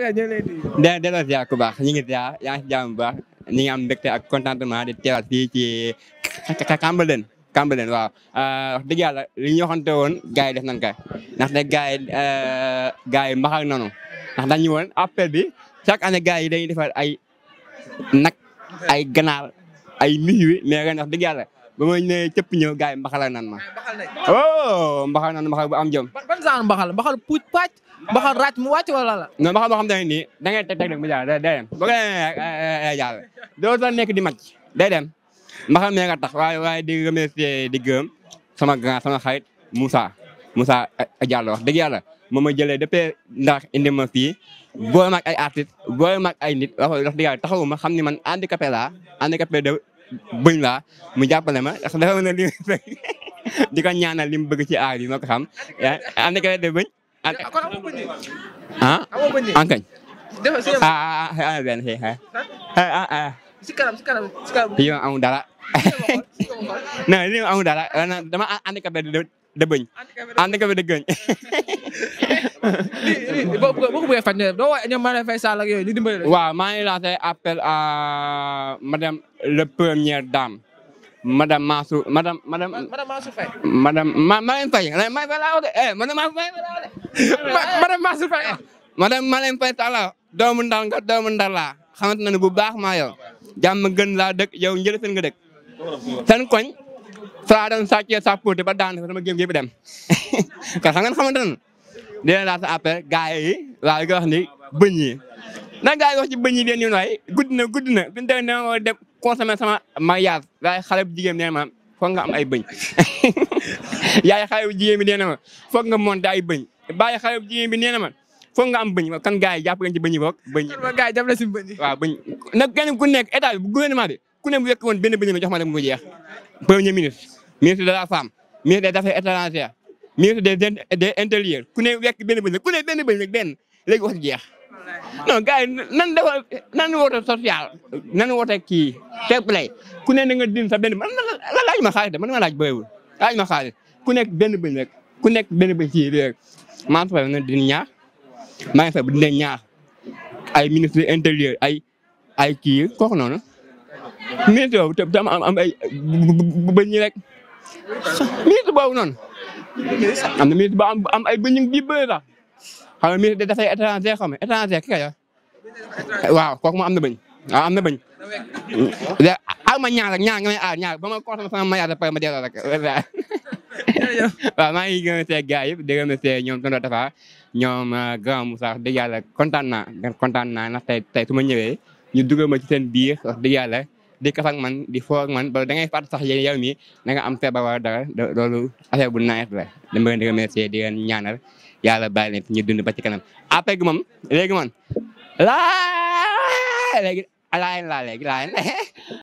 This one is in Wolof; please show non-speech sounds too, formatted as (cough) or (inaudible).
delloo delloo ziar ku baax ñu ngi ziar yaa ngi si jàmm bu baax ñu ngi am mbégte ak contentement di teewaat waa ci Cambérène Cambérène waaw euh, wax dëgg yàlla li ñu waxante woon gars yi def nañ ko ndax nag gars yi euh, gars yi mbaxal nanu ndax dañu woon appel bi chaque année gars yi dañuy defar ay nag ay ganaar ay miwi mais ren wax dëgg yàlla ba ma ñëwee cëpp ñëw gars yi mbaxal nan ma. oh ba ràcc mu wàcc wala la. non mbaxal boo xam ne nii da ngay teg teg nag mu jàll day dem bu eh, eh, nekk di day dem mbaxal mee nga tax waaye waaye di remercier di gërëm sama grand sama xarit Moussa Moussa eh, Diallo wax dëgg yàlla moom ma jëlee depuis ndax indi ma fii boole ma ak ay artistes boole ma ak ay nit wax dëgg yàlla taxawu ma xam ni man handicapé laa handicapé de bëñ laa mu jàppale ma ndax dafa mën a (laughs) di ko ñaanal li mu bëgg ci aar yi ma ko xam handicapé de bëñ. an kañ. ah ah benn xeex ah si kanam si kanam si kanam. yow amul dara. non li mu amul dara dama handicapé de bëñ. handicapé de gëñ. boo ko bëggee faj doo wax ñoom Marième Faye Sall ak yooyu ñu dimbali waaw maa ngi lancé appel à madame le première dame. madame Mansour madame madame. madame Mansour Faye. madame ma Marième Faye madame Mansour Faye laa wax de eh madame Mansour Faye laa wax de. madame Mansour Faye madame Malem Faye Talla doomu nga doomu laa xamante na bu baax maa yow jàmm laa dëkk yow njëlëseen nga dëkk seen koñ fala doon sàccee sa puute ba daan sama gém gi bi dem (laughs) kon xam ngeen xamante ne laa sa appel gars yi waaw li nga wax ni bëñ yi na gars yi wax ci bëñ yi leen ñu nooy gudd na gudd na duñ dem xale bu jigéen nee ma nga am ay bëñ yaay xale bu jigéen bi nee (laughs) nga monter ay bëñ bàyyi xale bu jigéen bi nee na ma foog nga am bëñ waaw kan gars yi jàpp leen ci bëñ boog bëñ gars yi def kenn ku nekk état bu gouvernement bi ku ne bu yekk woon benn bëñ ma jox ma rek mu jeex premier ministre ministre de la femme ministre des affaires étrangères ministre des ku ne wekk benn bëñ ku ne benn bëñ rek benn léegi wax jeex non gars yi nan dafa nan woote social nan woote kii teplay ku ne na nga dim sa benn man laaj ma xaalis de man ma laaj bëriwul laaj ma xaalis ku nekk benn bëñ rek ku nekk benn bés yi rek maa ngi fay ne dina ñaax maa ngi bu dina ñaax ay ministre intérieur ay ay kii kooku noonu ministre boobu te am am ay bëñ yi rek ministre boobu noonu am na ministre am ay bëñ yu bëri sax xam nga ministre dafay xam nga étranger ki kaya waaw kooku am na bëñ waaw am na bëñ ah ma ñaar rek ñaar nga ñaar ba ma ko sama mayaat ma delloo rek (laughs) waaw maa ngi gën a seeg gars yëpp dégg na see ñoom Tonton Tafa ñoom euh, grand Moussa wax dëgg kontaan na kontaan naa ndax tey tey su ma ñëwee ñu dugal ma ci seen biir wax dëgg yàlla di kas ak man di foo ak man ba da ngay fàtt sax yéen yow mi da nga am feebar wala dara loolu affaire bu nawet la dama leen di remercier di leen ñaanal yàlla bàyyi leen ñu dund ba ci kanam après gi (laughs)